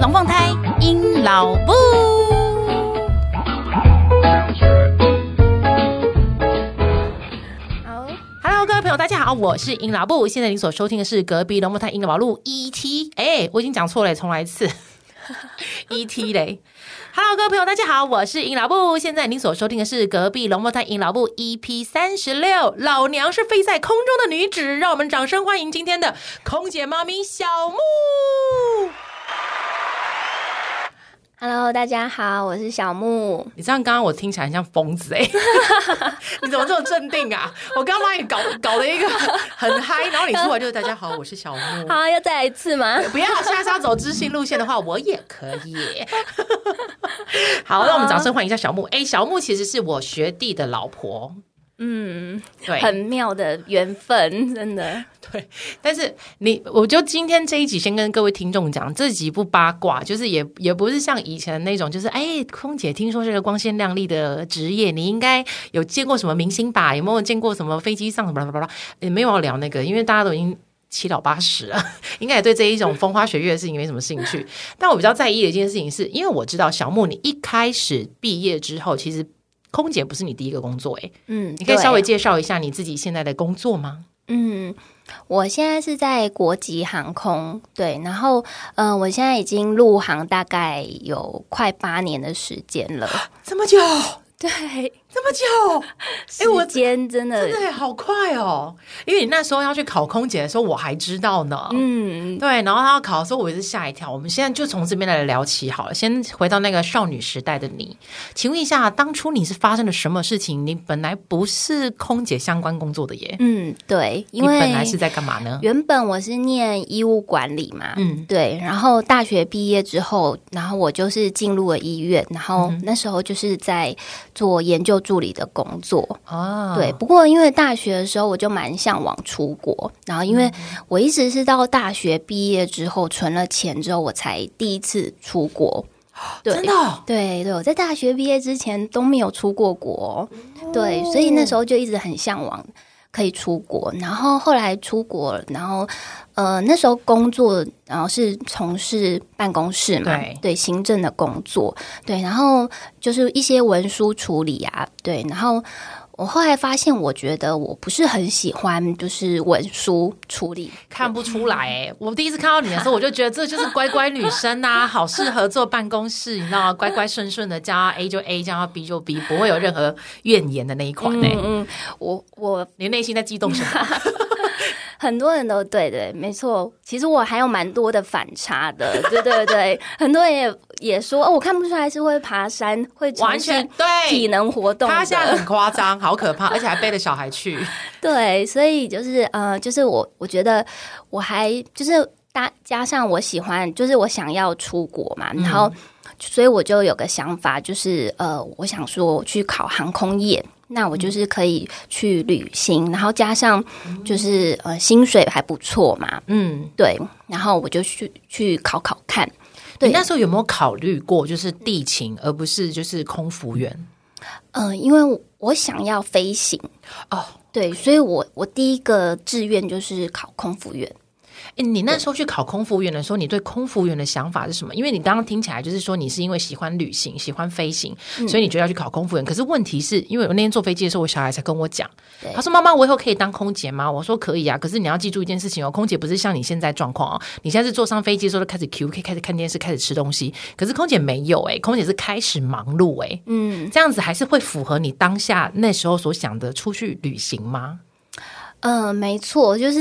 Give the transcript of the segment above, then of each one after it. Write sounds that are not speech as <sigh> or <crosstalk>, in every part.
龍鳳胎陰老木、oh.，Hello 各位朋友，大家好，我是陰老木。現在您所收聽的是《隔壁龍鳳胎陰老木》ET，哎，我已經講錯了，重來一次，ET 嘞。 <laughs> <laughs> <laughs> <laughs> Hello，各位朋友，大家好，我是陰老木。現在您所收聽的是《隔壁龍鳳胎陰老木》EP 三十六。老娘是飛在空中的女子，讓我們掌聲歡迎今天的空姐媽咪小目。Hello，大家好，我是小目。你知道，剛剛我聽起來很像瘋子哎、欸！ <laughs> <laughs> 你怎麼這麼鎮定啊？我剛剛幫你搞搞了一個很嗨，然後你出來就是 <laughs> 大家好，我是小目。 <laughs> 好，要再來一次嗎？ <laughs> 不要，下次走知性路線的話，我也可以。 <laughs> 好， <laughs> 那我們掌聲歡迎一下小目。哎、欸，小目其實是我學弟的老婆。嗯，對，很妙的緣分，真的。對，但是你，我就今天這一集先跟各位聽眾講，這集不八卦，就是也也不是像以前那種，就是哎，空姐聽說這個光鮮亮麗的職業，你應該有見過什麼明星吧？有沒有見過什麼飛機上什麼巴拉巴拉？也沒有要聊那個，因為大家都已經七老八十了，應該也對這一種風花雪月的事情沒什麼興趣。 <laughs> 但我比較在意的一件事情是，是因為我知道小目，你一開始畢業之後，其實空姐不是你第一個工作，欸，哎，嗯，你可以稍微介紹一下你自己現在的工作嗎？嗯。我現在是在國籍航空，對，然後，嗯、呃，我現在已經入行大概有快八年的時間了，這麼久、啊？對。 <laughs> 這麼久，哎、欸，時間真的真的好快哦！因為你那時候要去考空姐的時候，我還知道呢。嗯，對。然後他要考的時候，我也是嚇一跳。我們現在就從這邊來聊起好了。先回到那個少女時代的你，請問一下，當初你是發生了什麼事情？你本來不是空姐相關工作的耶？嗯，對。因為本來是在幹嘛呢？原本我是念醫務管理嘛。嗯，對。然後大學畢業之後，然後我就是進入了醫院，然後那時候就是在做研究。助理的工作啊，oh. 對。不過因為大學的時候我就蠻向往出國，然後因為我一直是到大學畢業之後存了錢之後，我才第一次出國。Oh. 對，真的？對對，我在大學畢業之前都沒有出過國，對，oh. 所以那時候就一直很向往。可以出國，然後後來出國，然後呃那時候工作然後是從事辦公室嘛，對，對，行政的工作，對，然後就是一些文書處理啊，對，然後。我後來發現，我覺得我不是很喜歡，就是文書處理。看不出來。欸，我第一次看到你的時候，我就覺得這就是乖乖女生啊，好適合做辦公室，你知道，啊，乖乖順順的，加 A 就 A，加 B 就 B，不會有任何怨言的那一款。哎，嗯，我我，你內心在激動什麼 <laughs> ？很多人都對對，沒錯，其實我還有蠻多的反差的，對對對，對， <laughs> 很多人也。也說哦，我看不出來是會爬山，會完全對體能活動。他現在很誇張，好可怕， <laughs> 而且還背着小孩去。 <laughs> 對，所以就是呃，就是我我覺得我還就是大，加上我喜歡，就是我想要出國嘛，嗯、然後所以我就有個想法，就是呃，我想說去考航空業，那我就是可以去旅行，嗯、然後加上就是呃薪水還不錯嘛，嗯，對，然後我就去去考考看。你那時候有沒有考慮過，就是地勤而不是就是空服員？嗯、呃，因為我想要飛行哦，oh, okay. 對，所以我我第一個志願就是考空服員。欸、你那時候去考空服務員的時候，你對空服務員的想法是什麼？因為你剛剛聽起來就是說，你是因為喜歡旅行、喜歡飛行，所以你就要去考空服務員。嗯、可是問題是因為我那天坐飛機的時候，我小孩才跟我講，他說：“媽媽，我以後可以當空姐嗎？”我說：“可以啊。”可是你要記住一件事情哦、喔，空姐不是像你現在狀況哦，你現在是坐上飛機的時候就開始 Q K 開始看電視、開始吃東西，可是空姐沒有誒、欸，空姐是開始忙碌誒、欸。嗯，這樣子還是會符合你當下那時候所想的出去旅行嗎？嗯、呃，沒錯，就是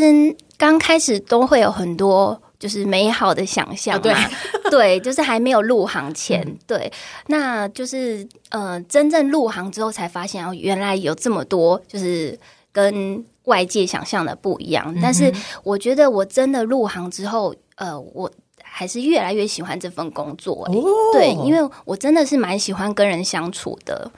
剛開始都會有很多就是美好的想象嘛、啊，對， <laughs> 對，就是還沒有入行前，嗯、對，那就是呃，真正入行之後才發現哦，原來有這麼多就是跟外界想象的不一樣、嗯。但是我覺得我真的入行之後，呃，我還是越來越喜歡這份工作、欸哦，對，因為我真的是蠻喜歡跟人相處的。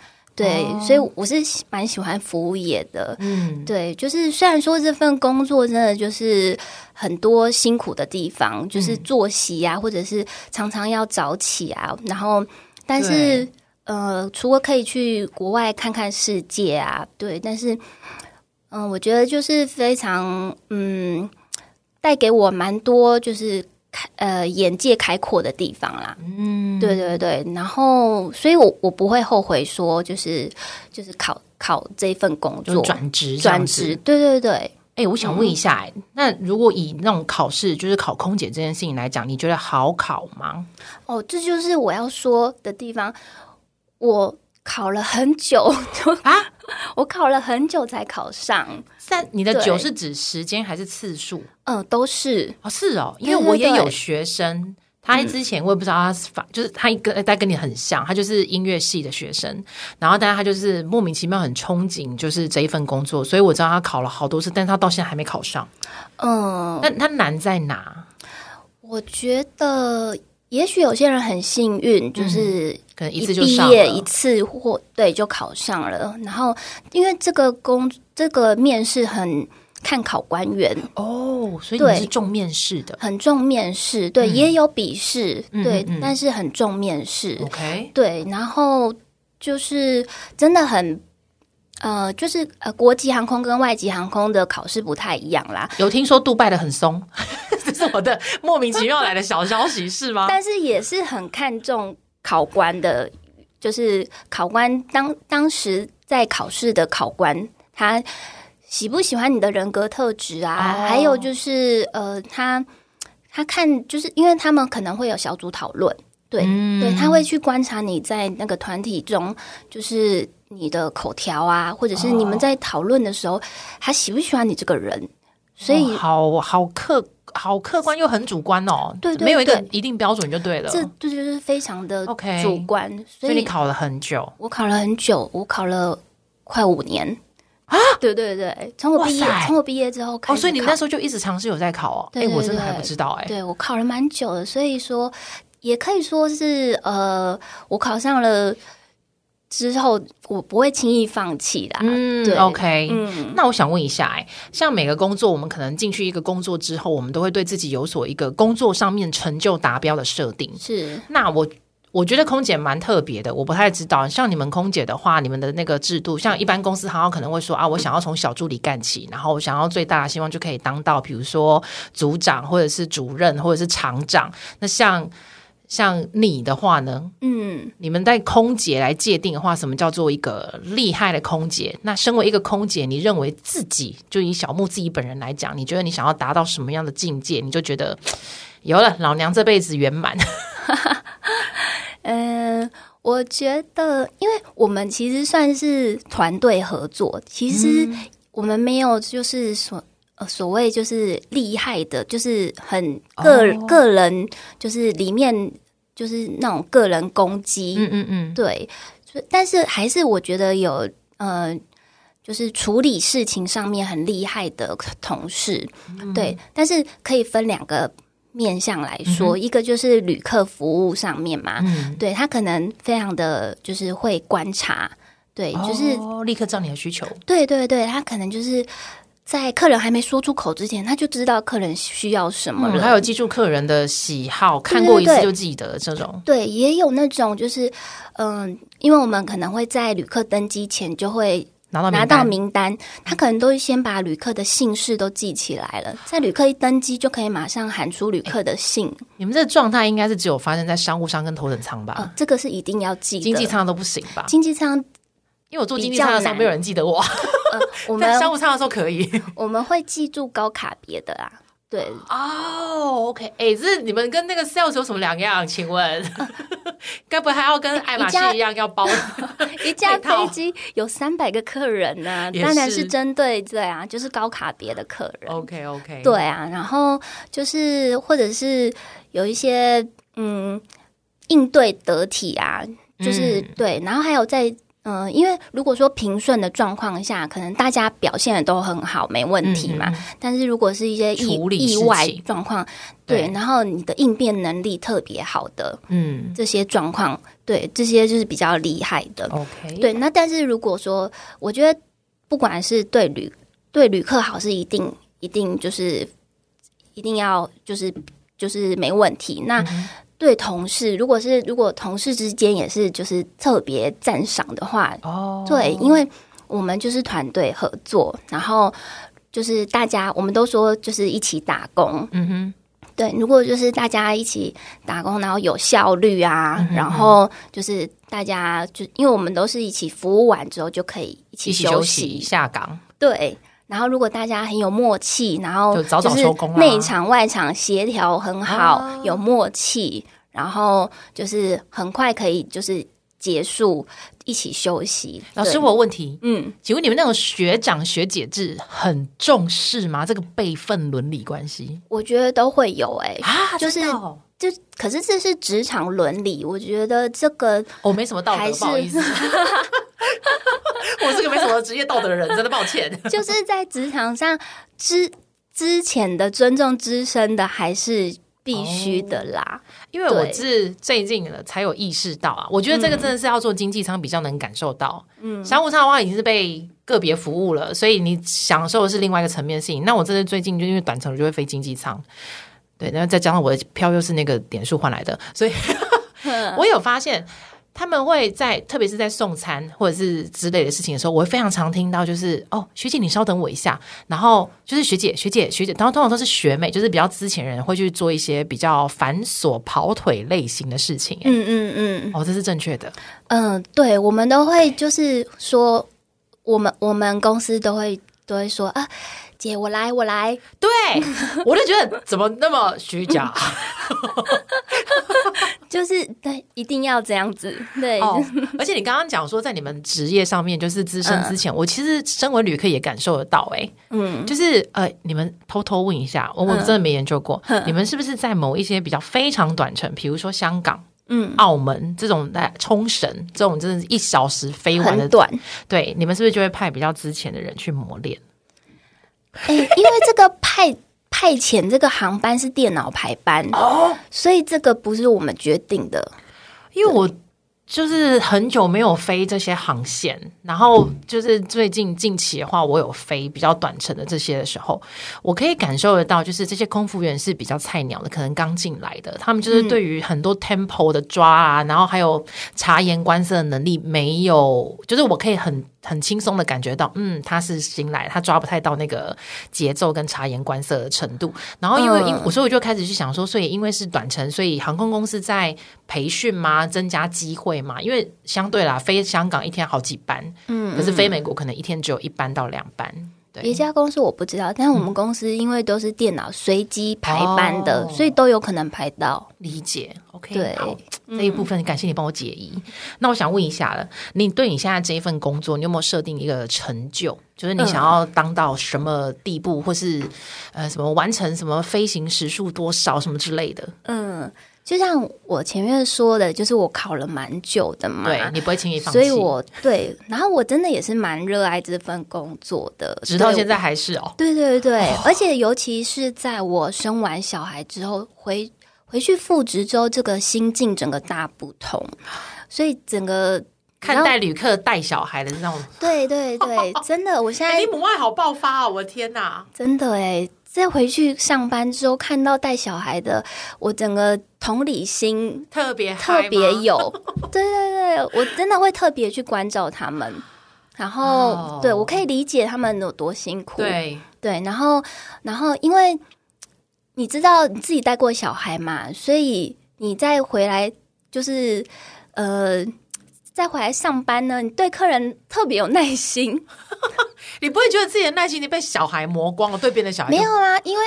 對，所以我是蠻喜歡服務業的、哦。嗯，對，就是雖然說這份工作真的就是很多辛苦的地方，嗯、就是作息啊，或者是常常要早起啊，然後，但是呃，除了可以去國外看看世界啊，對，但是，嗯、呃，我覺得就是非常嗯，帶給我蠻多就是。呃，眼界開闊的地方啦，嗯，對對對，然後所以我，我我不會後悔說就是就是考考這份工作轉職轉職，對對對。哎、欸，我想問一下、嗯，那如果以那種考試就是考空姐這件事情來講，你覺得好考嗎？哦，這就是我要說的地方，我考了很久 <laughs> 啊。我考了很久才考上，三，你的“久”是指時間還是次數？嗯，都是啊、哦，是哦，因為我也有學生，對對對，他之前我也不知道他是法、嗯，就是他跟他跟你很像，他就是音樂系的學生，然後大家他就是莫名其妙很憧憬就是這一份工作，所以我知道他考了好多次，但他到現在還沒考上。嗯，那他難在哪？我覺得。也許有些人很幸運，就是一畢業一次或、嗯、可能一次就對就考上了。然後因為這個工這個面試很看考官員哦，所以你是重面試的，很重面試。對，嗯、也有筆試，對嗯嗯，但是很重面試。OK、嗯嗯、對，然後就是真的很。呃，就是呃，國際航空跟外籍航空的考試不太一樣啦。有聽說杜拜的很鬆， <laughs> 這是我的莫名其妙來的小消息 <laughs> 是嗎？但是也是很看重考官的，就是考官當當時在考試的考官，他喜不喜歡你的人格特質啊？Oh. 還有就是呃，他他看，就是因為他們可能會有小組討論，對、mm. 對，他會去觀察你在那個團體中，就是。你的口條啊，或者是你們在討論的時候，他、哦、喜不喜歡你這個人？所以，哦、好好客，好客觀又很主觀哦。對對對，沒有一個一定標準就對了。這這就是非常的主觀 okay, 所以。所以你考了很久，我考了很久，我考了快五年啊！對對對，從我畢業，從我畢業之後開始考。哦，所以你那時候就一直嘗試有在考哦。哎、欸，我真的還不知道哎、欸。對，我考了蠻久的，所以說也可以說是呃，我考上了。之後我不會輕易放棄的。嗯對，OK 嗯。那我想問一下、欸，哎，像每個工作，我們可能進去一個工作之後，我們都會對自己有所一個工作上面成就達標的設定。是。那我我覺得空姐蠻特別的，我不太知道。像你們空姐的話，你們的那個制度，像一般公司好像可能會說、嗯、啊，我想要從小助理幹起，嗯、然後我想要最大的希望就可以當到，比如說組長或者是主任或者是廠長。那像。像你的話呢？嗯，你們帶空姐來界定的話，什麼叫做一個厲害的空姐？那身為一個空姐，你認為自己就以小目自己本人來講，你覺得你想要達到什麼樣的境界？你就覺得有了老娘這輩子圓滿？嗯、 <laughs> 呃，我覺得，因為我們其實算是團隊合作，其實我們沒有就是說。所謂就是厲害的，就是很個、oh. 個人，就是裡面就是那種個人攻擊，嗯嗯嗯，對。但是還是我覺得有呃，就是處理事情上面很厲害的同事，mm -hmm. 對。但是可以分兩個面向來說，mm -hmm. 一個就是旅客服務上面嘛，mm -hmm. 對他可能非常的就是會觀察，對，oh, 就是立刻照你的需求，對對對，他可能就是。在客人還沒說出口之前，他就知道客人需要什麼了、嗯、他還有記住客人的喜好，對對對，看過一次就記得對對對，這種。對，也有那種就是，嗯、呃，因為我們可能會在旅客登機前就會拿到拿到名單，他可能都會先把旅客的姓氏都記起來了，在旅客一登機就可以馬上喊出旅客的姓。欸、你們這狀態應該是只有發生在商務艙跟頭等艙吧、呃？這個是一定要記，的。經濟艙都不行吧？經濟艙。因為我坐經濟艙的時候，沒有人記得我。我 <laughs> 在商務艙的時候可以、呃。我們， <laughs> 我們會記住高卡別的啊，對哦、oh, OK，哎、欸，這是你們跟那個 sales 有什麼兩樣？請問，該、呃、 <laughs> 不會還要跟愛馬仕一樣要包、欸？一架 <laughs> 飛機有三百個客人呢、啊，當然是針對這樣、啊，就是高卡別的客人。OK，OK，、okay, okay. 對啊。然後就是，或者是有一些嗯，應對得體啊，就是、嗯、對。然後還有在。嗯、呃，因為如果說平順的狀況下，可能大家表現得都很好，沒問題嘛。嗯嗯，但是如果是一些意意外狀況，對，然後你的應變能力特別好的，嗯，這些狀況，對，這些就是比較厲害的。Okay. 對。那但是如果說，我覺得不管是對旅對旅客好，是一定一定就是一定要就是就是沒問題。那、嗯對同事，如果是如果同事之間也是就是特別讚賞的話，哦、Oh.，對，因為我們就是團隊合作，然後就是大家，我們都說就是一起打工，嗯哼，對，如果就是大家一起打工，然後有效率啊，Mm-hmm. 然後就是大家就因為我們都是一起服務完之後就可以一起休息，一起休息下崗，對。然後，如果大家很有默契，然後就收工。內場外場協調很好早早，啊，有默契，然後就是很快可以就是結束，一起休息。老師，我有問題，嗯，請問你們那種學長、嗯、學姐制很重視嗎？這個輩分倫理關係，我覺得都會有、欸，哎啊，就是。可是這是職場倫理，我覺得這個還是哦沒什麼道德，還是 <laughs> <laughs> 我是個沒什麼職業道德的人，真的抱歉。就是在職場上之之前的尊重資深的還是必須的啦，哦、因為我是最近了才有意識到啊，我覺得這個真的是要坐經濟艙比較能感受到，嗯、商務艙的話已經是被個別服務了，所以你享受的是另外一個層面性。那我真的最近就因為短程就會飛經濟艙。對，然後再加上我的票又是那個點數換來的，所以呵呵 <laughs> 我有發現他們會在，特別是在送餐或者是之類的事情的時候，我會非常常聽到就是哦，學姐你稍等我一下，然後就是學姐學姐學姐，然後通常都是學妹，就是比較資淺的人會去做一些比較繁瑣跑腿類型的事情。嗯嗯嗯，哦，這是正確的。嗯，對，我們都會就是說，我們我們公司都會都會說啊。姐，我來，我來。對我就覺得怎麼那麼虛假， <laughs> <laughs> <laughs> 就是對，一定要這樣子。對哦，oh, <laughs> 而且你剛剛講說，在你們職業上面，就是資深之前、嗯，我其實身為旅客也感受得到、欸。哎，嗯，就是呃，你們偷偷問一下，我真的沒研究過，嗯，你們是不是在某一些比較非常短程，比如說香港、嗯，澳門這種沖繩，在沖繩這種，真的是一小時飛完的短，對，你們是不是就會派比較之前的人去磨練？ <laughs> 因為這個派派遣這個航班是電腦排班哦，所以這個不是我們決定的。因為我就是很久沒有飛這些航線，然後就是最近近期的話，我有飛比較短程的這些的時候，我可以感受得到，就是這些空服員是比較菜鳥的，可能剛進來的，他們就是對於很多 tempo 的抓啊，然後還有察言觀色的能力沒有，就是我可以很。很輕鬆的感覺到，嗯，他是新來，他抓不太到那個節奏跟察言觀色的程度。然後因為因、嗯，所以我就開始去想說，所以因為是短程，所以航空公司在培訓嘛，增加機會嘛。因為相對啦，飛香港一天好幾班，嗯，嗯，可是飛美國可能一天只有一班到兩班。別家公司我不知道，但是我們公司因為都是電腦隨機排班的，嗯哦，所以都有可能排到。理解，OK 對。對、嗯、這一部分，感謝你幫我解疑。那我想問一下了、嗯，你對你現在這一份工作，你有沒有設定一個成就？就是你想要當到什麼地步，嗯、或是呃什麼完成什麼飛行時數多少什麼之類的？嗯。就像我前面說的，就是我考了蠻久的嘛，對，你不會輕易放棄，所以我對。然後我真的也是蠻熱愛這份工作的，直到現在還是哦。對對對，對、哦、而且尤其是在我生完小孩之後，回回去復職之後，這個心境整個大不同，所以整個看待旅客帶小孩的那種， <laughs> 對對對，真的，我現在、哎、你母愛好爆發哦！我的天吶。真的哎、欸，再回去上班之後看到帶小孩的，我整個。同理心特別特別有 <laughs> 對對對，我真的會特別去關照他們，然後、oh. 對，我可以理解他們有多辛苦，對對，然後然後因為你知道你自己帶過小孩嘛，所以你再回來就是呃。再回來上班呢？你對客人特別有耐心， <laughs> 你不會覺得自己的耐心被小孩磨光了？對別的小孩沒有啊，因為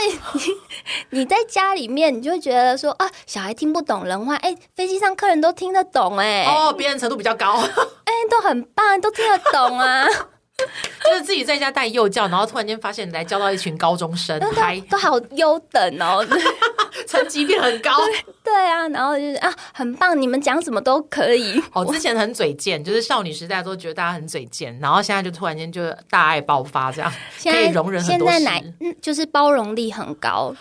你，你在家裡面，你就會覺得說啊，小孩聽不懂人話，哎、欸，飛機上客人都聽得懂、欸，哎，哦，別人程度比較高，哎、 <laughs> 欸，都很棒，都聽得懂啊。 <laughs> <laughs> 就是自己在家帶幼教，然後突然間發現來教到一群高中生， <laughs> 都都好優等哦， <laughs> 成績變很高 <laughs> 對。對啊，然後就是啊，很棒，你們講什麼都可以。哦，之前很嘴賤，就是少女時代都覺得大家很嘴賤，然後現在就突然間就大愛爆發，這樣，現在可以容忍很多現在奶、嗯、就是包容力很高。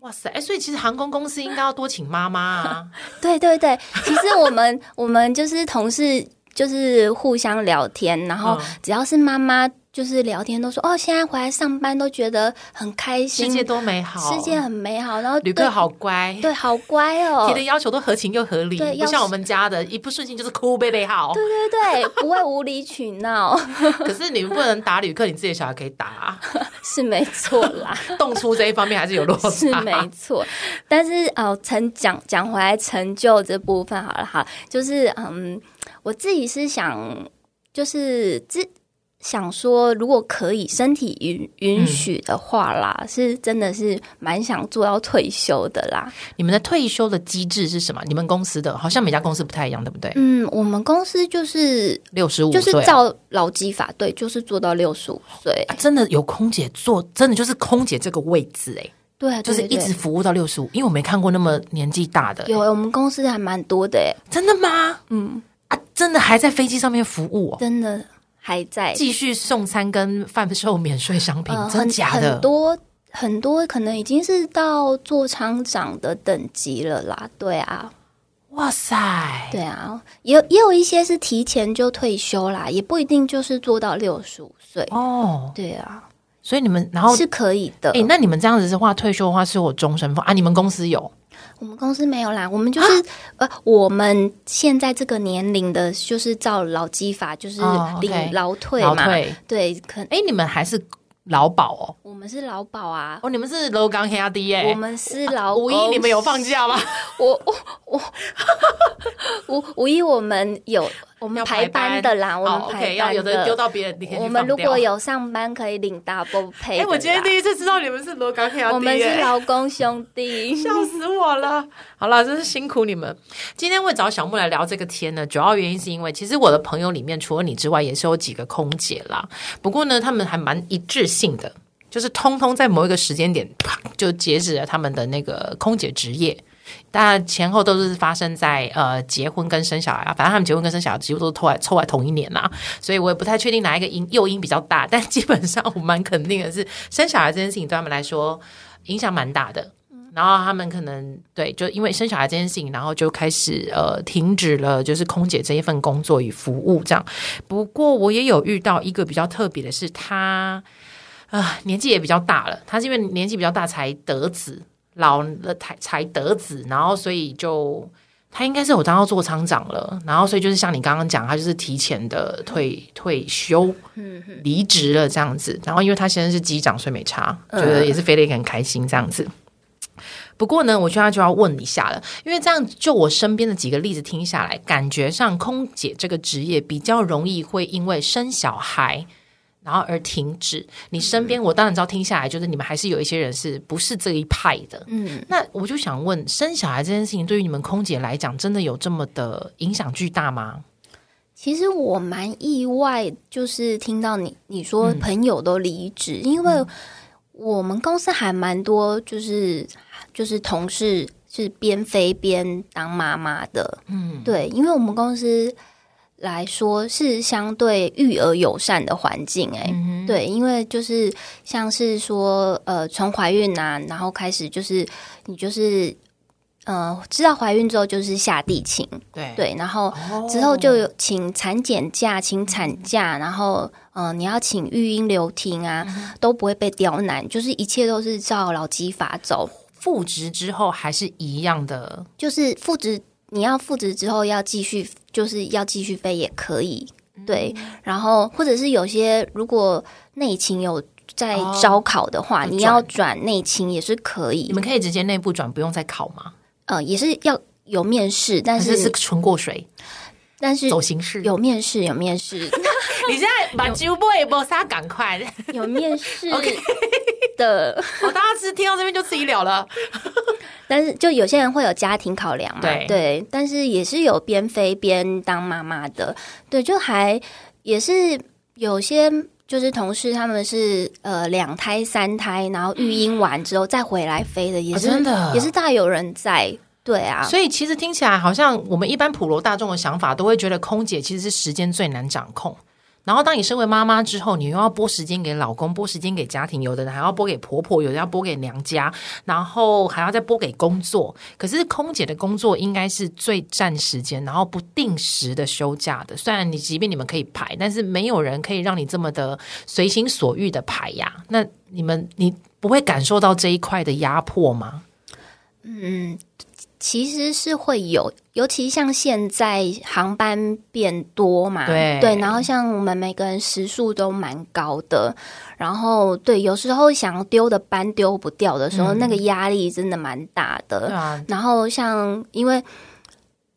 哇塞！哎、欸，所以其實航空公司應該要多請媽媽啊。 <laughs> 對對對，其實我們 <laughs> 我們就是同事。就是互相聊天，然後只要是媽媽。就是聊天都說哦，現在回來上班都覺得很開心，世界多美好，世界很美好。然後旅客好乖。對，對，好乖哦，提的要求都合情又合理，對，不像我們家的，嗯、一不順心就是哭。Baby 好，對對對， <laughs> 不會無理取鬧。可是你們不能打旅客， <laughs> 你自己小孩可以打，啊 <laughs> 。是沒錯錯啦。動 <laughs> 粗這一方面還是有落差， <laughs> 是沒錯。但是哦、呃，成講講回來成就這部分好了好，就是嗯，我自己是想就是自、自想說，如果可以，身體允允許的話啦、嗯，是真的是蠻想做到退休的啦。你們的退休的機制是什麼？你們公司的好像每家公司不太一樣，對不對？嗯，我們公司就是六十五，就是照勞基法，對，就是做到六十五歲。真的有空姐做，真的就是空姐這個位置、欸，哎，對，就是一直服務到六十五。因為我沒看過那麼年紀大的，有、欸、我們公司還蠻多的、欸，哎，真的嗎？嗯，啊，真的還在飛機上面服務、喔，真的。還在繼續送餐跟販售免稅商品，呃、真的假的？很多很多，可能已經是到座艙長的等級了啦。對啊，哇塞，對啊，有也，也有一些是提前就退休啦，也不一定就是做到六十五歲哦。對啊，所以你們然後是可以的。哎、欸，那你們這樣子的話，退休的話是有終身俸啊？你們公司有？我們公司沒有啦，我們就是、啊、呃，我們現在這個年齡的，就是照勞基法，就是領勞、哦 okay，退嘛退。對，可哎、欸，你們還是勞保哦？我們是勞保啊！哦，你們是老 o 剛 h a 我們是勞、啊、五一你，五一你們有放假嗎？我我我五 <laughs> 五一我們有。我們排班的啦，要排班的哦，我們排班的要有的丟到別人。我們如果有上班，可以領大波陪。哎， <laughs> 我今天第一次知道你們是羅崗鐵。我們是勞工兄弟，。 <laughs> 笑死我了。好啦，真是辛苦你們。今天會找小木來聊這個天呢，主要原因是因為其實我的朋友裡面除了你之外，也是有幾個空姐啦。不過呢，他們還蠻一致性的，就是通通在某一個時間點啪，就截止了他們的那個空姐職業。當然前後都是發生在呃結婚跟生小孩，啊，反正他們結婚跟生小孩幾乎都是湊在湊同一年啦，啊，所以我也不太確定哪一個因誘因比較大，但基本上我蠻肯定的是，生小孩這件事情對他們來說影響蠻大的。然後他們可能對，就因為生小孩這件事情，然後就開始呃停止了，就是空姐這一份工作與服務這樣。不過我也有遇到一個比較特別的是，他啊、呃、年紀也比較大了，他是因為年紀比較大才得子。老了才才得子，然後所以就他應該是我當到座艙長了，然後所以就是像你剛剛講，他就是提前的退退休，嗯，離職了這樣子。然後因為他現在是機長，所以沒差，覺得也是飛得也很開心這樣子。嗯，不過呢，我現在就要問一下了，因為這樣就我身邊的幾個例子聽下來，感覺上空姐這個職業比較容易會因為生小孩，然後而停止，你身邊、嗯、我當然知道，聽下來就是你們還是有一些人是不是這一派的。嗯，那我就想問，生小孩這件事情對於你們空姐來講，真的有這麼的影響巨大嗎？其實我蠻意外，就是聽到你你說朋友都離職、嗯，因為我們公司還蠻多，就是就是同事是邊飛邊當媽媽的，嗯，對，因為我們公司。來說是相對育兒友善的環境、欸，哎、嗯，對，因為就是像是說，呃，從懷孕啊，然後開始就是你就是，呃，知道懷孕之後就是下地勤，對對，然後之後就有請產檢假、哦，請產假，然後嗯、呃，你要請育嬰留停啊、嗯，都不會被刁難，就是一切都是照勞基法走。復職之後還是一樣的，就是復職。你要復職之後要繼續，就是要繼續飛也可以、嗯，對。然後或者是有些如果內勤有在招考的話，哦、你要轉內勤也是可以。你們可以直接內部轉，不用再考嗎？呃，也是要有面試，但是,是是純過水。但是走形式，有面試，有面試， <laughs> 你現在把 ju boy 趕快有面試試的，我當時聽到這邊就自己了了。但是就有些人會有家庭考量嘛對，對，但是也是有邊飛邊當媽媽的，對，就還也是有些就是同事他們是呃兩胎三胎，然後育嬰完之後再回來飛的，也是、啊、真的也是大有人在。對啊，所以其實聽起來好像我們一般普羅大眾的想法都會覺得空姐其實是時間最難掌控。然後當你身為媽媽之後，你又要撥時間給老公，撥時間給家庭，有的人還要撥給婆婆，有的人要撥給娘家，然後還要再撥給工作。可是空姐的工作應該是最占時間，然後不定時的休假的。雖然你即便你們可以排，但是沒有人可以讓你這麼的隨心所欲的排呀。那你們你不會感受到這一塊的壓迫嗎？嗯。其實是會有，尤其像現在航班變多嘛，對，對，然後像我們每個人時數都蠻高的，然後對，有時候想要丟的班丟不掉的時候，嗯，那個壓力真的蠻大的。啊，然後像因為，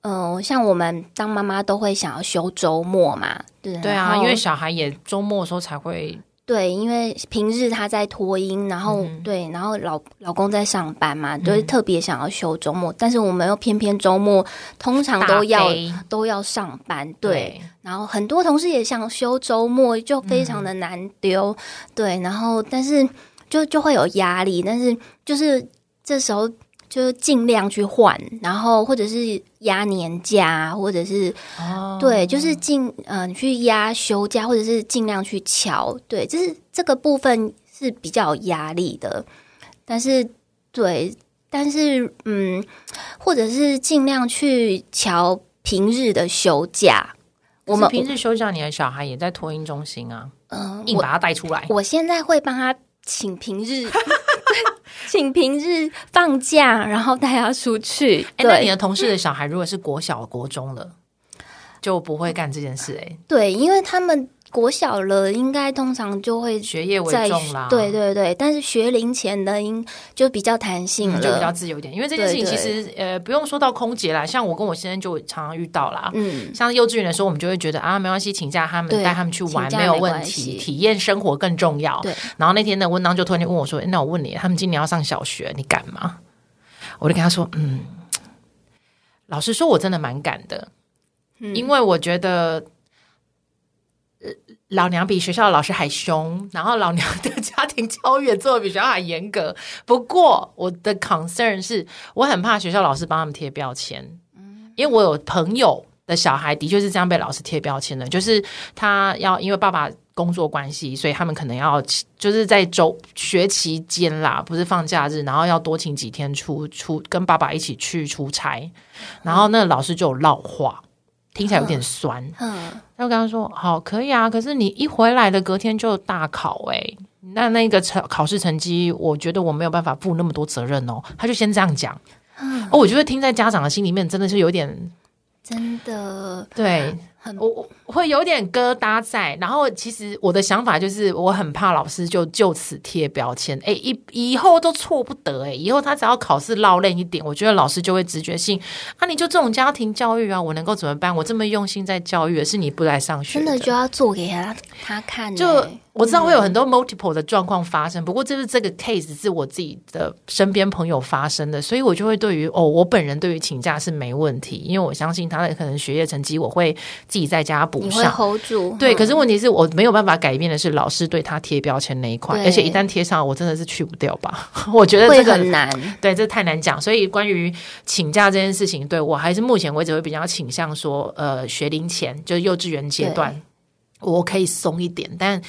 嗯，呃，像我們當媽媽都會想要休周末嘛，對，對啊，因為小孩也周末的時候才會。對，因為平日他在托嬰，然後、嗯、對，然後老老公在上班嘛，都、嗯就是特別想要休週末，但是我們又偏偏週末通常都要都要上班，對，對，然後很多同事也想休週末，就非常的難丟，嗯、對，然後但是就就會有壓力，但是就是這時候。就是盡量去換，然後或者是壓年假，或者是、oh. 對，就是盡呃，你去壓休假，或者是盡量去喬。對，就是這個部分是比較有壓力的。但是，對，但是嗯，或者是盡量去喬平日的休假。我們平日休假，你的小孩也在托嬰中心啊，嗯、呃，我把他帶出來。我現在會幫他請平日。 <laughs> 請平日放假，然後帶他出去。欸，那你的同事的小孩如果是國小、國中了，就不會幹這件事欸，對，因為他們。國小了，應該通常就會學業為重啦。對對對，但是學齡前的應就比較彈性、嗯、就比較自由一點。因為這件事情其實，對對對呃，不用說到空姐啦，像我跟我先生就常常遇到啦。嗯，像幼稚園的時候，我們就會覺得啊，沒關係，請假他們帶他們去玩沒有問題，體驗生活更重要。對。然後那天呢，文當，就突然問我說、欸：“那我問你，他們今年要上小學，你敢嗎？”我就跟他說：“嗯，老實說，我真的蠻敢的、嗯，因為我覺得。”老娘比學校的老師還兇，然後老娘的家庭教育做的比學校還嚴格。不過我的 concern 是，我很怕學校老師幫他們貼標籤、嗯，因為我有朋友的小孩的確是這樣被老師貼標籤的，就是他要因為爸爸工作關係，所以他們可能要就是在周學期間啦，不是放假日，然後要多請幾天出出跟爸爸一起去出差，嗯、然後那個老師就有烙話。聽起來有點酸，嗯，他我跟他說，好，可以啊，可是你一回來的隔天就大考，欸，哎，那那個考成考試成績，我覺得我沒有辦法負那麼多責任哦，他就先這樣講，嗯，哦，我覺得聽在家長的心裡面真的是有點，真的，對。很我，我會有點疙瘩在，然後其實我的想法就是，我很怕老師就就此貼標籤，哎、欸，以以後都錯不得、欸，哎，以後他只要考試落淚一點，我覺得老師就會直覺性，嗯、啊，你就這種家庭教育啊，我能夠怎麼辦？我這麼用心在教育、啊，是你不來上學，真的就要做給他他看、欸。就我知道會有很多 multiple 的狀況發生、嗯，不過就是這個 case 是我自己的身邊朋友發生的，所以我就會對於哦，我本人對於請假是沒問題，因為我相信他的可能學業成績，我會。自己在家補上，對、嗯，可是問題是我沒有辦法改變的是老師對他貼標籤那一塊，而且一旦貼上，我真的是去不掉吧？ <laughs> 我覺得這個很難，對，這太難講。所以關於請假這件事情，對我還是目前為止會比較傾向說，呃，學齡前就是幼稚園階段。我可以鬆一點，但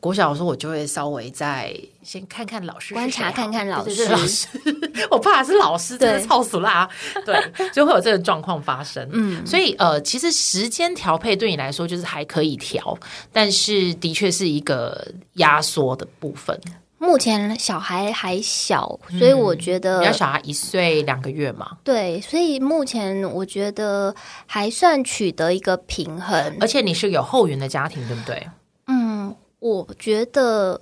國小的時候我就會稍微再先看看老師，觀察看看老師。老師，對對對 <laughs> 我怕是老師真的操死啦，對，對， <laughs> 對，就會有這個狀況發生。嗯，所以呃，其實時間調配對你來說就是還可以調，但是的確是一個壓縮的部分。嗯目前小孩還小，所以我覺得。嗯、你家小孩一歲兩個月嘛。對，所以目前我覺得還算取得一個平衡。而且你是有後援的家庭，對不對？嗯，我覺得，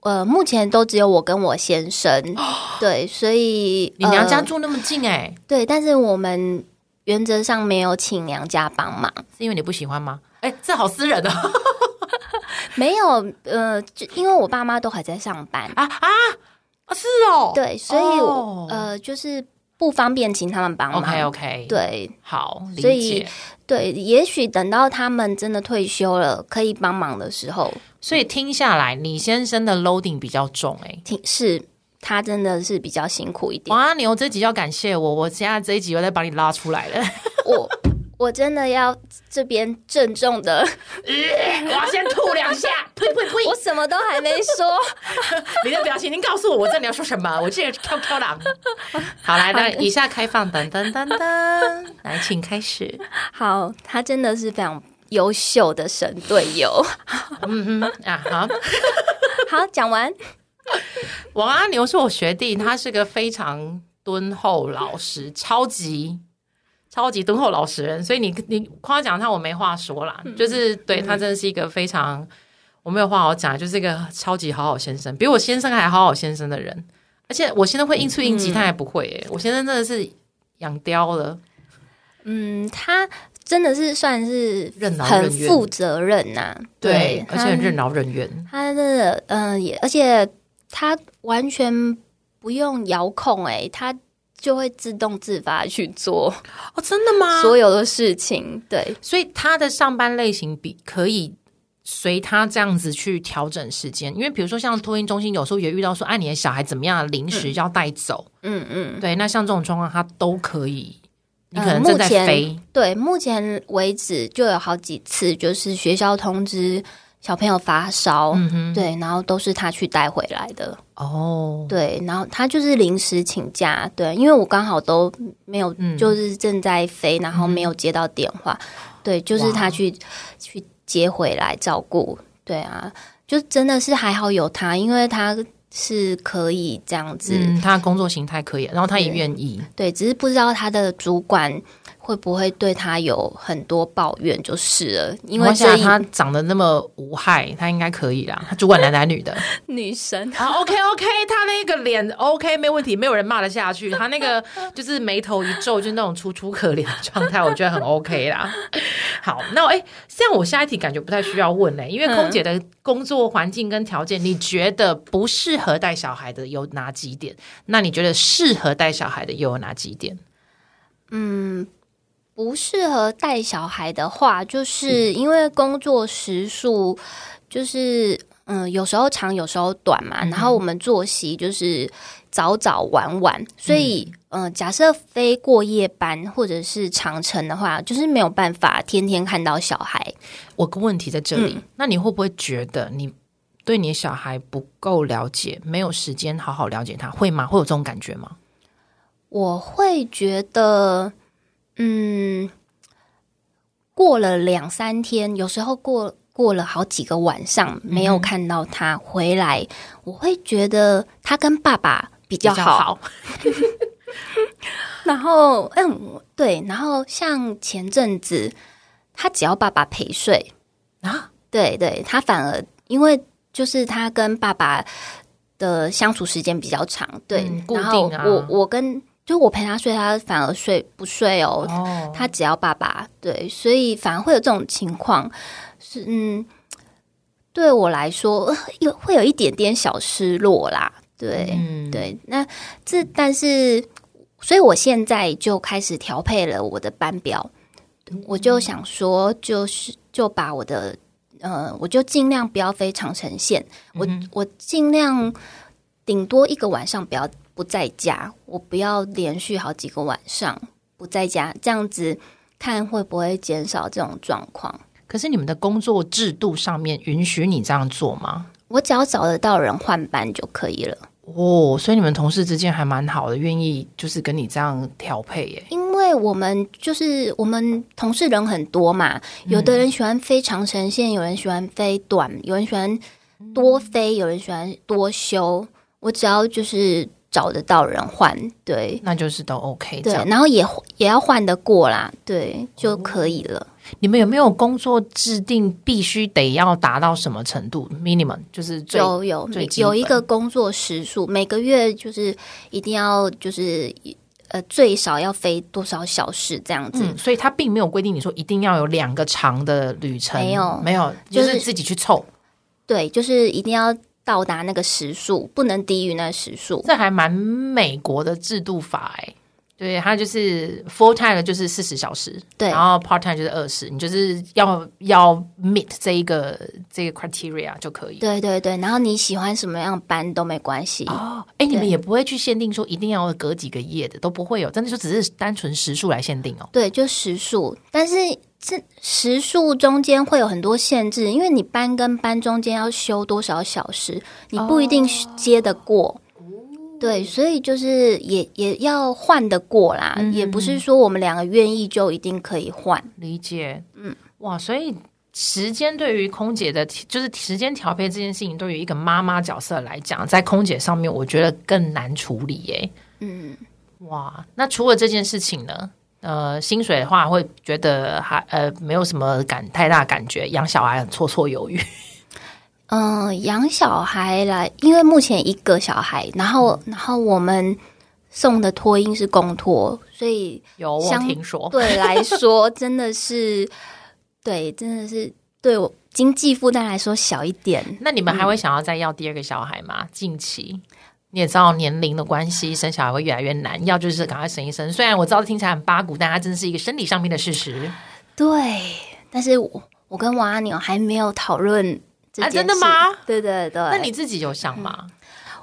呃，目前都只有我跟我先生。哦、對，所以你娘家住那麼近，哎、欸呃。對，但是我們原則上沒有請娘家幫忙，是因為你不喜歡嗎？哎，這好私人啊、哦。 <laughs> <laughs> 沒有，呃，就因為我爸媽都還在上班啊啊，是哦、喔，對，所以、oh. 呃，就是不方便請他們幫忙。OK OK，對，好，所以理解。對，也許等到他們真的退休了，可以幫忙的時候。所以聽下來，嗯、你先生的 loading 比較重、欸，哎，是，他真的是比較辛苦一點。哇，你有這集要感謝我，我現在這一集又在把你拉出來了。 <laughs> <laughs> 我真的要這邊鄭重的 <laughs> <laughs> 我要先吐兩下，呸呸呸！我什麼都還沒說， <laughs> 你的表情，你告訴我我這裡要說什麼？我這裡跳跳狼。好來，那以下開放，噔噔噔噔，來，請開始。好，他真的是非常優秀的神隊友。 <laughs> 嗯嗯，啊好， <laughs> 好講完。王阿牛是我學弟，他是個非常敦厚老實，超級。超級敦厚老實人，所以你你誇獎他我沒話說啦，嗯、就是對他真的是一個非常、嗯、我沒有話好講，就是一個超級好好先生，比我先生還好好先生的人，而且我先生會應酬應急、嗯，他還不會、欸，我先生真的是養刁了。嗯，他真的是算是任勞任怨、很負責任吶、啊嗯，對，而且很任勞任怨，他真的嗯、呃、也，而且他完全不用遙控、欸，哎，他。就會自動自發去做哦，真的嗎？所有的事情，對，所以他的上班類型比可以隨他這樣子去調整時間，因為比如說像托嬰中心，有時候也遇到說，哎、啊，你的小孩怎麼樣，臨時要帶走，嗯嗯，嗯，對，那像這種狀況，他都可以。嗯、你可能在飛。嗯、目對目前為止就有好幾次，就是學校通知。小朋友發燒、嗯，對，然後都是他去帶回來的。哦，對，然後他就是臨時請假，對，因為我剛好都沒有、嗯，就是正在飛，然後沒有接到電話，嗯、對，就是他去去接回來照顧。對啊，就真的是還好有他，因為他是可以這樣子，嗯、他工作形態可以，然後他也願意、嗯。對，只是不知道他的主管，會不會對他有很多抱怨？就是了，因為、啊、他長得那麼無害，他應該可以啦。他主管男男女的 <laughs> 女神，好，OK，OK，他那個臉 OK，沒問題，沒有人罵得下去。 <laughs> 他那個就是眉頭一皺，就是那種楚楚可憐的狀態，我覺得很 OK 啦。好，那哎，像、欸、我下一題感覺不太需要問呢、欸？因為空姐的工作環境跟條件、嗯，你覺得不適合帶小孩的有哪幾點？那你覺得適合帶小孩的又有哪幾點？嗯。不適合帶小孩的話，就是因為工作時數就是嗯，嗯，有時候長，有時候短嘛。嗯、然後我們作息就是早早晚晚、嗯，所以嗯、呃，假設飛過夜班或者是長程的話，就是沒有辦法天天看到小孩。我個問題在這裡、嗯，那你會不會覺得你對你的小孩不夠了解，沒有時間好好了解他，會嗎？會有這種感覺嗎？我會覺得。嗯，過了兩三天，有時候過過了好幾個晚上沒有看到他回來，嗯，我會覺得他跟爸爸比較好。比較好 <laughs> <laughs> 然後，嗯，對，然後像前陣子，他只要爸爸陪睡啊，對，對，他反而因為就是他跟爸爸的相處時間比較長，對，嗯，固定啊，然後我我跟。就我陪他睡，他反而睡不睡哦。Oh. 他只要爸爸，對，所以反而會有這種情況。是嗯，對我來說有會有一點點小失落啦。對，mm. 對，那這但是，所以我現在就開始調配了我的班表。Mm. 我就想說，就是就把我的嗯、呃，我就盡量不要飛長程線，mm -hmm. 我我盡量頂多一個晚上不要。不在家，我不要連續好幾個晚上不在家，這樣子看會不會減少這種狀況？可是你們的工作制度上面允許你這樣做嗎？我只要找得到人換班就可以了。哦，所以你們同事之間還蠻好的，願意就是跟你這樣調配耶。因為我們就是我們同事人很多嘛，有的人喜歡飛長程線、嗯，有人喜歡飛短，有人喜歡多飛，有人喜歡多休。我只要就是。找得到人換，對，那就是都 OK 對。對，然後也也要換得過啦，對、嗯、就可以了。你們有沒有工作制定必須得要達到什麼程度？Minimum 就是最就有有有一個工作時數，每個月就是一定要就是呃最少要飛多少小時這樣子、嗯？所以他並沒有規定你說一定要有兩個長的旅程，沒有沒有，就是自己去湊。就是、對，就是一定要。到達那個時數，不能低於那個時數。這還蠻美國的制度法，哎、欸，對，它就是 full time 就是四十小時，對，然後 part time 就是二十，你就是要要 meet 這一個這個 criteria 就可以。對對對，然後你喜歡什麼樣班都沒關係哦。哎、欸，你們也不會去限定說一定要隔幾個夜的，都不會有，真的就只是單純時數來限定哦、喔。對，就時數，但是。是時數中間會有很多限制，因為你班跟班中間要休多少小時，你不一定接得過。哦哦、對，所以就是也也要換得過啦、嗯，也不是說我們兩個願意就一定可以換。理解，嗯，哇，所以時間對於空姐的，就是時間調配這件事情，對於一個媽媽角色來講，在空姐上面，我覺得更難處理誒、欸。嗯，哇，那除了這件事情呢？呃，薪水的話會覺得還呃沒有什麼感太大感覺，養小孩很綽綽有餘。嗯、呃，養小孩來，因為目前一個小孩，然後、嗯、然後我們送的托嬰是公托，所以有相對來說真的是 <laughs> 對，真的是對我經濟負擔來說小一點。那你們還會想要再要第二個小孩嗎？嗯、近期？你也知道年齡的關係，生小孩會越來越難。要就是趕快生一生，雖然我知道聽起來很八股，但它真的是一個生理上面的事實。對，但是我我跟王阿牛還沒有討論這件事。啊，真的嗎？對對對。那你自己有想嗎？嗯、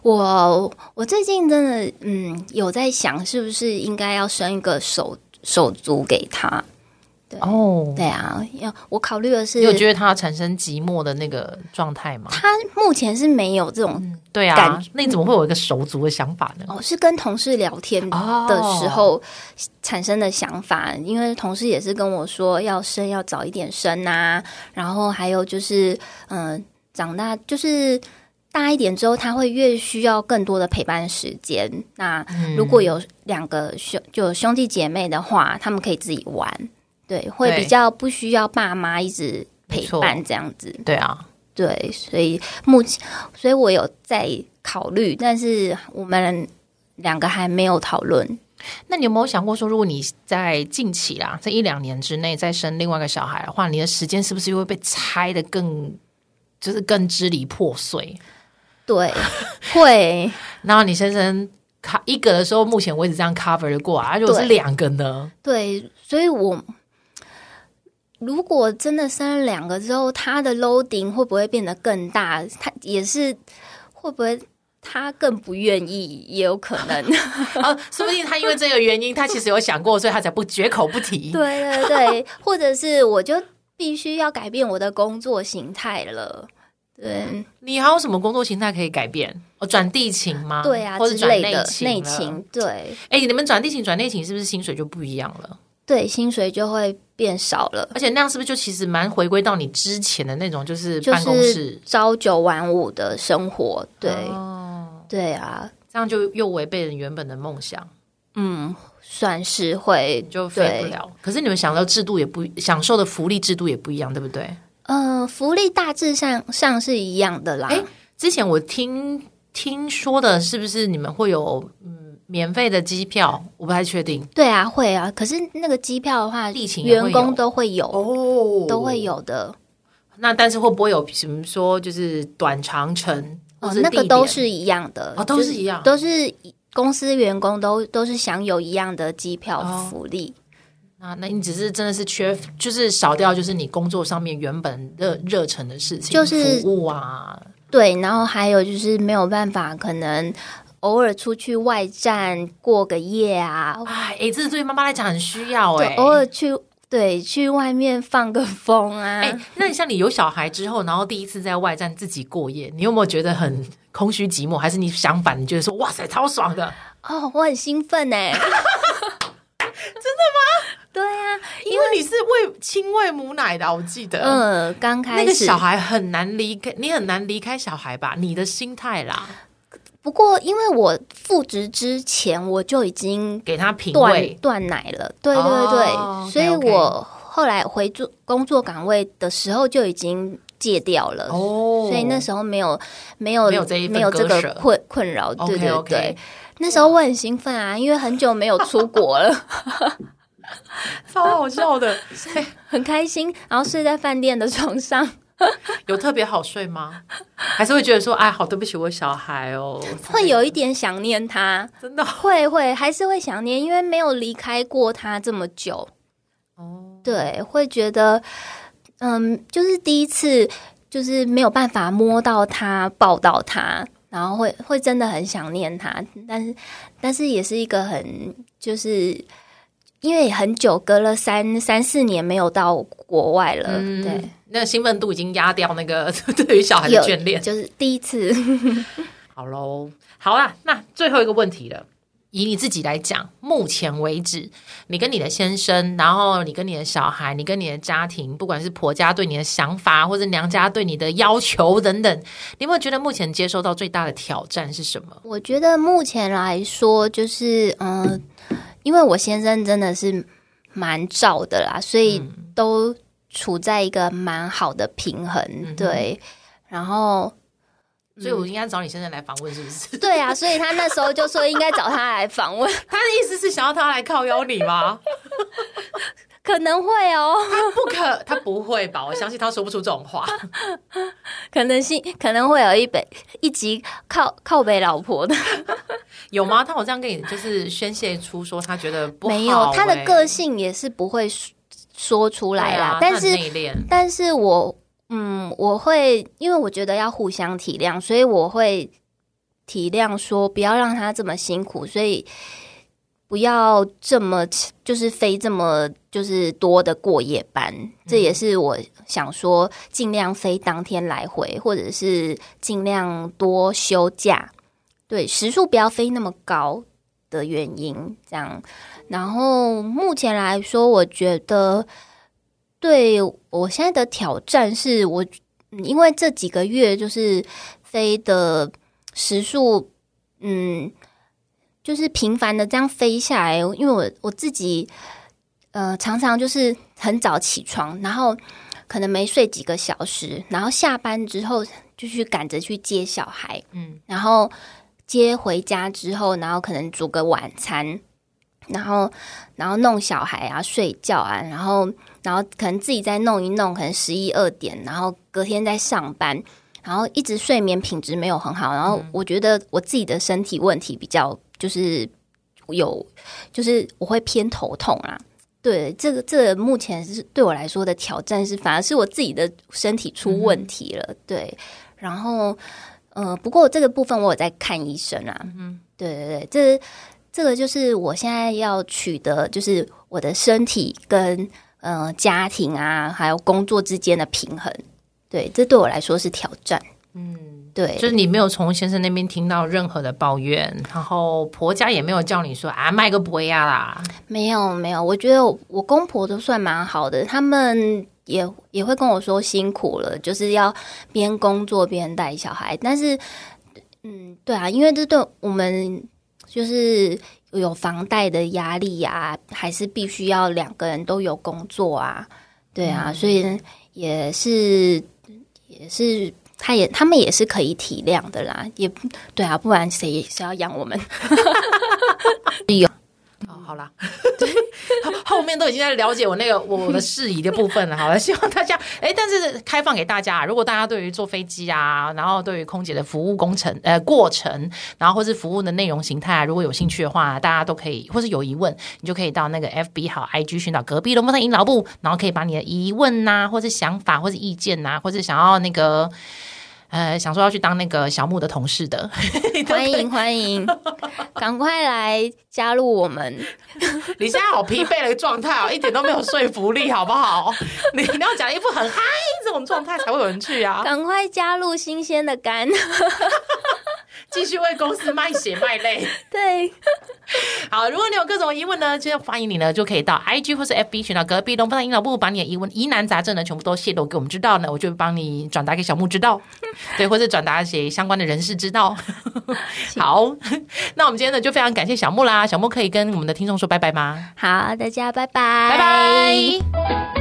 我我最近真的嗯有在想，是不是應該要生一個手手足給他。哦，對啊，我考慮的是，你有覺得他產生寂寞的那個狀態嗎？他目前是沒有這種感、嗯、對啊、嗯，那你怎麼會有一個手足的想法呢？哦，是跟同事聊天的時候產生的想法、哦，因為同事也是跟我說要生要早一點生啊，然後還有就是，嗯、呃，長大就是大一點之後，他會越需要更多的陪伴時間。那如果有兩個兄就兄弟姐妹的話，他們可以自己玩。嗯對，會比較不需要爸媽一直陪伴這樣子。對啊，對，所以目前，所以我有在考慮，但是我們兩個還沒有討論。那你有沒有想過說，如果你在近期啦，這一兩年之內再生另外一個小孩的話，你的時間是不是又會被拆得更，就是更支離破碎？對，會。然 <laughs> 後你先生卡一個的時候，目前為止這樣 cover 過、啊，而且我是兩個呢對。對，所以我。如果真的生了兩個之後，他的 loading 會不會變得更大？他也是會不會他更不願意？也有可能說 <laughs> <laughs> 不定他因為這個原因， <laughs> 他其實有想過，所以他才不 <laughs> 絕口不提。 <laughs> 對對對，或者是我就必須要改變我的工作形態了。對，你還有什麼工作形態可以改變？哦，轉地勤嗎？對啊，或者轉內勤？內勤？對。哎、欸，你們轉地勤、轉內勤是不是薪水就不一樣了？對，薪水就會。變少了，而且那樣是不是就其實蠻回歸到你之前的那種，就是辦公室、就是、朝九晚五的生活？對，哦、對啊，這樣就又違背了原本的夢想。嗯，算是會就飛不了對。可是你們享受制度也不享受的福利制度也不一樣，對不對？嗯、呃，福利大致上上是一樣的啦。欸、之前我聽聽說的是不是你們會有嗯。免費的機票，我不太確定。對啊，會啊。可是那個機票的話，地勤員工都會有哦，都會有的。那但是會不會有什麼說，就是短長程？哦，那個都是一樣的啊，哦，都是一樣，都是公司員工都都是享有一樣的機票福利。哦。那你只是真的是缺，就是少掉，就是你工作上面原本的熱忱的事情，就是服務啊。對，然後還有就是沒有辦法可能偶爾出去外站過個夜啊！哎、啊欸，這是對媽媽來講很需要哎、欸。偶爾去對去外面放個風啊！哎、欸，那你像你有小孩之後，然後第一次在外站自己過夜，你有沒有覺得很空虛寂寞？還是你相反，你覺得說哇塞超爽的？哦、oh,，我很興奮哎、欸！ <laughs> 真的嗎？ <laughs> 對啊，因為，因為你是餵親餵母奶的，我記得。嗯，剛開始那個小孩很難離開，你很難離開小孩吧？你的心態啦。不過，因為我復職之前，我就已經給他斷斷奶了，對對對，oh, okay, okay. 所以我後來回做工作崗位的時候就已經戒掉了，哦、oh,，所以那時候沒有沒有沒有沒有，沒有這個困困擾，對對對。Okay, okay. 那時候我很興奮啊， <laughs> 因為很久沒有出國了， <laughs> 超好笑的， <laughs> 所以很開心，然後睡在飯店的床上。 <laughs> 有特別好睡嗎？還是會覺得說，哎，好對不起我小孩哦，會有一點想念他，真的、哦、會會還是會想念，因為沒有離開過他這麼久哦、嗯。對，會覺得，嗯，就是第一次，就是沒有辦法摸到他、抱到他，然後會會真的很想念他，但是但是也是一個很就是。因為很久隔了三三四年，沒有到國外了，嗯、對，那個興奮度已經壓掉那個對於小孩的眷戀，就是第一次。 <laughs> 好嘍，好了，那最後一個問題了，以你自己來講，目前為止，你跟你的先生，然後你跟你的小孩，你跟你的家庭，不管是婆家對你的想法，或者娘家對你的要求等等，你有沒有覺得目前接受到最大的挑戰是什麼？我覺得目前來說，就是、呃、嗯。因為我先生真的是蠻罩的啦，所以都處在一個蠻好的平衡，嗯、對、嗯，然後，所以我應該找你先生來訪問是不是？對啊，所以他那時候就說應該找他來訪問， <laughs> 他的意思是想要他來靠邀你嗎？ <laughs> 可能會哦，不可，他不會吧？我相信他說不出這種話。可能性可能會有一北，一集靠靠北老婆的，有嗎？他好像跟你就是宣泄出說他覺得不好、欸、沒有他的個性也是不會說出來啦。啊、但是，但是我嗯，我會因為我覺得要互相體諒，所以我會體諒說不要讓他這麼辛苦，所以不要這麼就是飛這麼。就是多的過夜班、嗯，這也是我想說盡量飛當天來回，或者是盡量多休假，對時數不要飛那麼高的原因。這樣，然後目前來說，我覺得對我現在的挑戰是我、嗯、因為這幾個月就是飛的時數，嗯，就是頻繁的這樣飛下來，因為我我自己，呃，常常就是很早起床，然後可能沒睡幾個小時，然後下班之後就去趕着去接小孩，嗯，然後接回家之後，然後可能煮個晚餐，然後然後弄小孩啊，睡覺啊，然後然後可能自己再弄一弄，可能十一二點，然後隔天再上班，然後一直睡眠品質沒有很好，然後我覺得我自己的身體問題比較就是有，就是我會偏頭痛啊。對，這個這個、目前是對我來說的挑戰是，反而是我自己的身體出問題了。嗯、對，然後呃，不過這個部分我也在看醫生啊。嗯，對對對，這個、這個就是我現在要取得，就是我的身體跟呃家庭啊，還有工作之間的平衡。對，這對我來說是挑戰。嗯。對，就是你沒有從先生那邊聽到任何的抱怨，嗯、然後婆家也沒有叫你說啊賣個布呀、啊、啦，沒有沒有。我覺得我，我公婆都算蠻好的，他們也也會跟我說辛苦了，就是要邊工作邊帶小孩。但是，嗯，對啊，因為這對我們就是有房貸的壓力呀、啊，還是必須要兩個人都有工作啊，對啊，嗯、所以也是也是。他也他們也是可以體諒的啦，也對啊，不然誰誰要養我們？有。 <laughs> <laughs> 好了，對，後面都已經在了解我那個我的事宜的部分了。好了，希望大家哎、欸，但是開放給大家，如果大家對於坐飛機啊，然後對於空姐的服務工程呃過程，然後或是服務的內容形態、啊，如果有興趣的話，大家都可以，或是有疑問，你就可以到那個 F B 好 I G 尋找隔壁龍鳳胎陰老木，然後可以把你的疑問吶、啊，或是想法，或是意見吶、啊，或是想要那個呃，想說要去當那個小目的同事的，歡 <laughs> 迎歡迎，趕 <laughs> 快來。加入我們！ <laughs> 你現在好疲憊的一個狀態哦， <laughs> 一點都沒有說服力，好不好？你你要講一副很嗨這種狀態，才會有人去啊！趕快加入新鮮的肝，繼 <laughs> <laughs> 續為公司賣血賣淚。 <laughs> 對，好，如果你有各種疑問呢，就要歡迎你呢，就可以到 I G 或是 F B 群到隔壁龍鳳胎陰老木，把你的疑問疑難雜症呢，全部都泄露給我們知道，呢，我就幫你轉達給小木知道， <laughs> 對，或者轉達給相關的人士知道。 <laughs> 好，那我們今天呢，就非常感謝小木啦。小目可以跟我們的聽眾說拜拜嗎？好，大家拜拜，拜拜。